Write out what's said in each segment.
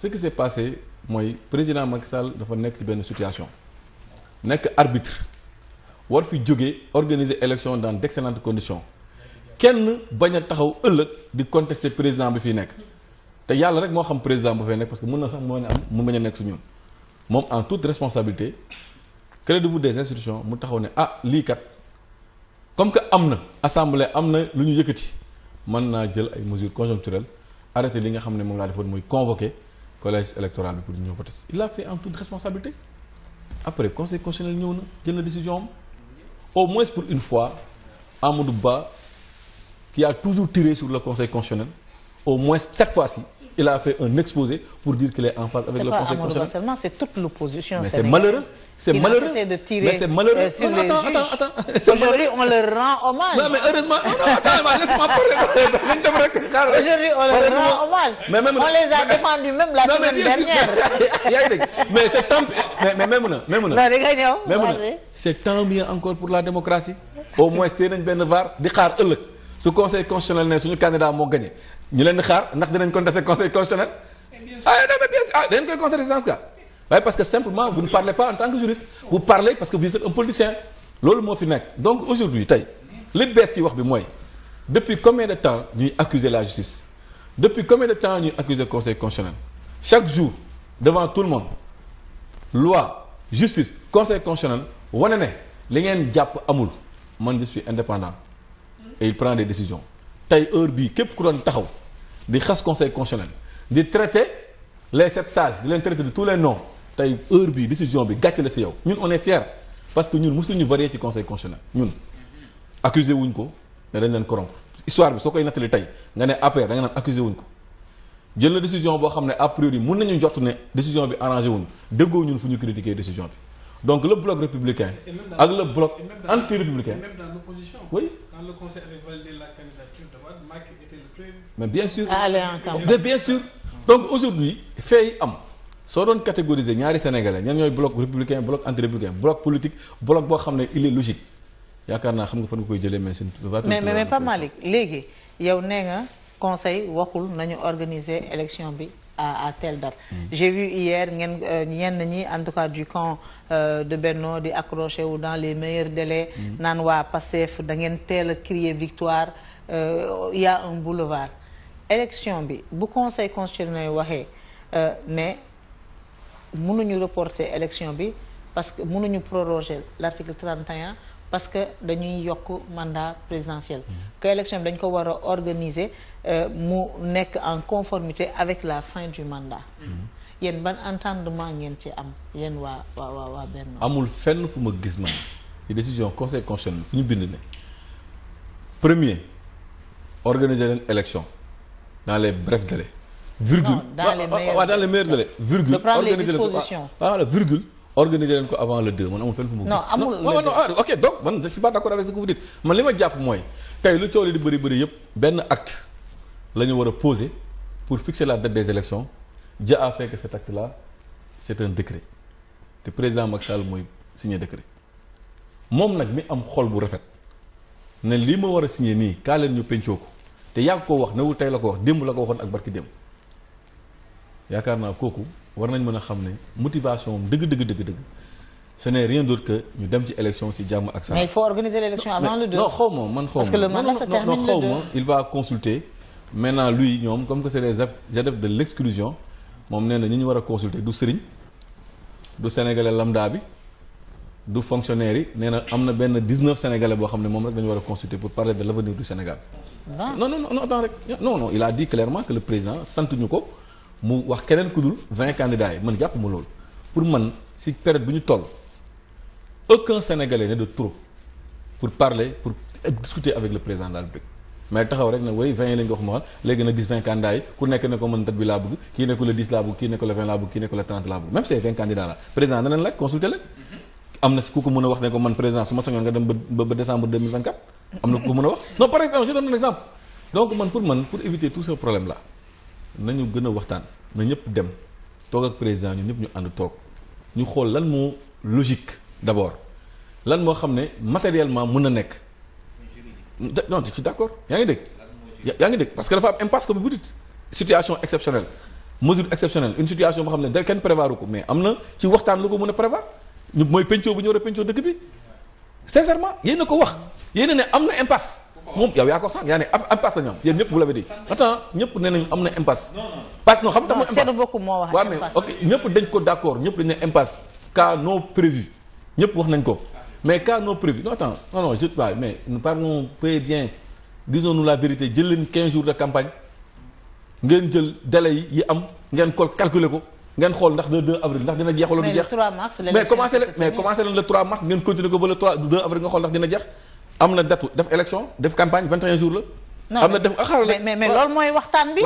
ce qui s'est passé mooy président Macky dafa nekk ci benn situation nekk arbitre war fi jóge organiser élection dans d'excellentes condition kenn bañ a taxaw ëllëg di contester président bi fi nekk te yàlla rek moo xam président bu fay nekk parce que mën na sax moo ne am mu bañ a nekk su ñun moom en toute responsabilité crédit des institutions mu taxaw ne ah lii kat comme que am na assemblée am na lu ñu yëkkati mën naa jël ay mesures conjoncturelles arrêté li nga xam ne moom laa muy convoqué collège électoral bi pour ñu ñëw voté si il l'a fait en toute responsabilité après conseil constitutionnel ñëw na jël na décision am au moins pour une fois Amadou Ba qui a toujours tiré sur le conseil constitutionnel au moins chaque fois si il a fait un exposé pour dire qu'il est en phase avec le conseil constitutionnel c'est toute l'opposition c'est malheureux c'est malheureux mais c'est malheureux euh, sur non, attends, on leur rend hommage non heureusement non, non, attends, laisse-moi parler aujourd'hui on leur rend hommage mais même, a défendus la semaine dernière mais c'est tant mais même na même na non da ngay ñëw même na c'est tant mieux encore pour la démocratie au moins tey nañ benn var di xaar ëllëg su conseil constitutionnel ne suñu candidat moo gagné ñu leen di xaar ndax dinañ contester conseil constitutionnel. ah eh, non mais bien sûr ah dinañ koy contester dans ce cas waaye parce que simplement vous ne parlez pas en tant que juriste. vous parlez parce que vous êtes un politicien. loolu moo fi nekk donc aujourd'hui tey li bees ci wax bi mooy depuis combien de temps ñuy accuser la justice depuis combien de temps ñuy accuser conseil constitutionnel chaque jour devant tout le monde loi justice conseil constitutionnel wane ne li ngeen jàpp amul man je suis indépendant. et il prend des décisions tey heure bi képp ku doon taxaw di xas conseil constitutionnel di traité les sept sages di leen traiter de tout les noms tey heure bii décision bi gàcce la si yow ñun on est fiers parce que ñun ñu varier ci conseil constitutionnel ñun accusé wuñ ko ne dañ leen corrompre histoire bi soo koy nattali tey nga ne après da nga naan wuñ ko jël na décision boo xam ne a priori mun nañu jot ne décision bi arrangé wuñ déggoo ñun fu ñu critiquer décision bi donc le bloc républicain. ak le bloc anti-républicain. même dans l'opposition. oui. quand le la mais bien sûr. Ah, mais bien sûr. donc aujourd'hui fee yi am soo doon catégoriser ñaari sénégalais ñan ñooy bloc républicain bloc anti-républicain bloc politique bloc boo xam ne il est logique yaakaar naa xam nga fan nga koy jëlee mais seen. mais mais Pape Malick léegi yow nee nga conseil waxul nañu organiser élection bi. à, à telle date. Mm. J'ai vu hier ngeen euh, ñenn ñi en tout cas du camp euh, de Benno di accroché wu dans les meilleurs délais. Mm. naan waa Pastef da dangeen teel a crier victoire euh, y un boulevard. élection bi bu conseil constitutionnel waxee euh, ne mënuñu reporter élection bi parce que mënuñu proroger l'article 31 parce que dañuy yokk mandat présidentiel. Mm. que bi dañ ko war a Euh, mu nekk en conformité avec la fin du mandat mm-hmm. yéen ban entendement ngeen ci am yéen waa waa waa waa benn amul fenn fu ma gis man ci décision conseil ñu bind ne premier organiser leen élection dans les brefs délais virgule non dans les ah, ah, ah, meilleurs waaw dans les meilleurs délais virgule organiser leen ko voilà virgule organiser leen ko avant amul ok donc man je suis avec ce que man li ma jàpp mooy tey lu coow li di bëri bëri yëpp benn acte la ñu war a poser pour fixe la date des élections Dieu a fait que cet acte là c' un décret te président Macky Sall mooy signé décret moom nag mi am xol bu rafet ne lii ma war a signé nii kaa leen ñu pencoo ko te yàgg koo wax ne wu tey la ko wax démb la ko waxoon ak barki démb yaakaar naa kooku war nañ mën a xam ne motivation am dëgg dëgg dëgg dëgg ce n'est rien d'autre que ñu dem ci élection si jàmm ak saa. mais il faut organiser l'élection avant le 2. non xaw ma man xaw ma parce que le maintenant lui ñoom comme que c'est des adeptes de l'exclusion moom nee na ñi ñu war a consulter du sëriñ du sénégalais lambda bi du fonctionnaire yi nee na am na benn 19 sénégalais boo xam ne moom rek dañu war a consulter pour parler de l'avenir du Sénégal. non non non attends rek non non il a dit clairement que le président sant ñu ko mu wax keneen ku dul 20 yi man jàpp ma loolu pour man si période bi ñu toll aucun sénégalais n'est de trop pour parler pour discuter avec le président de la mais taxaw rek ne way 20 yi lañ ko wax ma léegi na gis 20 candidats yi ku ko mën tat ko am na si a wax ne ko man président su ma sañoon nga dem ba ba décembre 2024 am na ku ko mën a wax non par exemple donc man pour man pour éviter tout ce problème là nañu gën a waxtaan na ñëpp dem toog ak président ñu ñëpp ñu ànd toog ñu xool lan moo logique d'abord lan moo xam ne matériellement mën a nekk non je suis yaa ngi dégg. yaa ngi dégg parce que dafa am impasse comme vous dites situation exceptionnelle mesure exceptionnelle une situation boo xam ne da kenn prévoir ko mais am na ci waxtaan lu ko mën a prévoir ñu mooy pencoo bu ñu war a pencoo dëkk bi sincèrement yéen ko wax yéen ne am na impasse. moom yow yaa ko sax yaa ne impasse la ñu am yéen ñëpp vous l'avez dit attends ñëpp nee nañu am na impasse. dañ ko d'accord ñëpp dañ ne impasse cas non prévu ñëpp wax nañ ko. mais cas non prévu non attends la vérité jël leen 15 jours de campagne ngeen jël délai yi yi am ngeen ko calculer ko ngeen xool ndax le 2 avril ndax dina jeex wala du jeex mais commencé leen mais commencé leen le 3 mars ngeen continuer ko ba le 3 2 avril nga xool ndax dina jeex am na date def élection def campagne 21 jours la. am na def ah, xaaral mais loolu mooy waxtaan bi.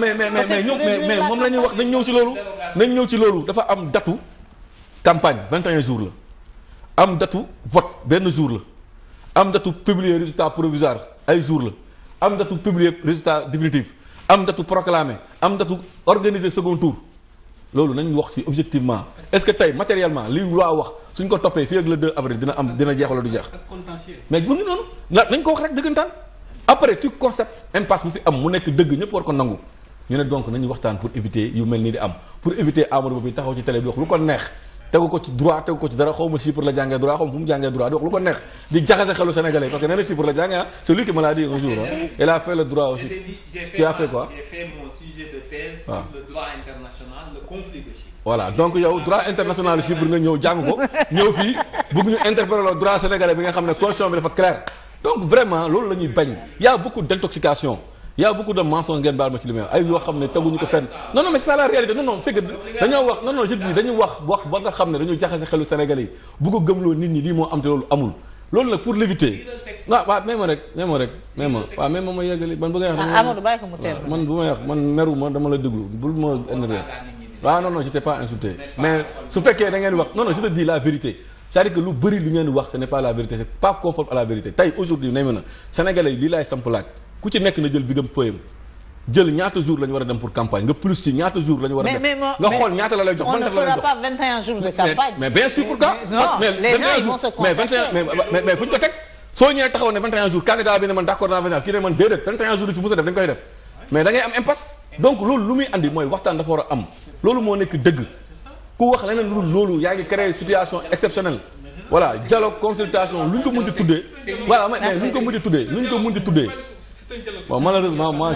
mais mais moom la wax nañ ñëw ci loolu. nañ ñëw ci loolu dafa am datu campagne la. am datu vote benn jour la am datu publier résultat provisoire ay jour la am datu publier résultat définitif am datu proclamer am datu organiser second tour loolu nañu wax ci objectivement est-ce que tey matériellement li loi wax suñ ko toppee fii ak le 2 avril dina am dina jeex la du jeex. mais bu ngi noonu nañ ko wax rek dëggantaan après tu concept impasse bu fi am mu nekk dëgg ñëpp war ko nangu ñu ne donc nañu waxtaan pour éviter yu mel nii di am pour éviter Amadou bi taxaw ci télé bi wax ko neex. tegu ko ci droit tegu ko ci dara xaw ma Chypre la jàngee droit xaw ma fu mu jàngee droit di wax lu ko neex di jaxase xelu sénégalais parce que nee na Chypre la jàngee ah c'est lui qui me l'a un jour il a fait le droit aussi. tu as fait ah. donc yow droit international Chypre nga ñëw jàng ko ñëw fii bëgg ñu interpréter le droit sénégalais bi nga xam ne constitution bi dafa clair donc vraiment loolu la ñuy bañ yaa a beaucoup d'intoxication y a beaucoup de ngeen baal ma ci li ay yoo xam ne teguñu ko fenn non non mais c'est la réalité non non ko gëmloo nit loolu amul loolu nag pour l'éviter waaw ah, waaw même rek même rek même waaw même ma yeggali man bu ngay wax ah, Amadou bàyyi ko mu ah, fekkee da ngeen wax non non je te la vérité c'est-à-dire lu bëri lu ngeen wax ce n'est pas la vérité c'est pas conforme à la vérité tey aujourd'hui nay mën a lii laay samp laaj ku ci nekk na jël bi gëm fëyam jël ñaata jours la ñu war a dem pour campagne nga plus ci ñaata jours la ñu war a def nga xool ñaata la lay jox. on ne fera pas 21 jours de campagne. mais bien sûr pourquoi. Ah, mais les gens ils vont se concentrer mais mais fu ñu ko teg. soo ñëwee taxaw ne 21 jours candidat bi ne man d'accord naa 21 kii ne man déedéet 21 jours du ci mos a def dañ koy def mais da ngay am impasse. donc loolu lu muy andi mooy waxtaan dafa war a am loolu moo nekk dëgg ku wax leneen lu loolu yaa ngi créer situation exceptionnelle voilà dialogue consultation luñ ko mën di tuddee. voilà mais luñ ko mën di tuddee luñ ko mën di tuddee bon malheureusement moi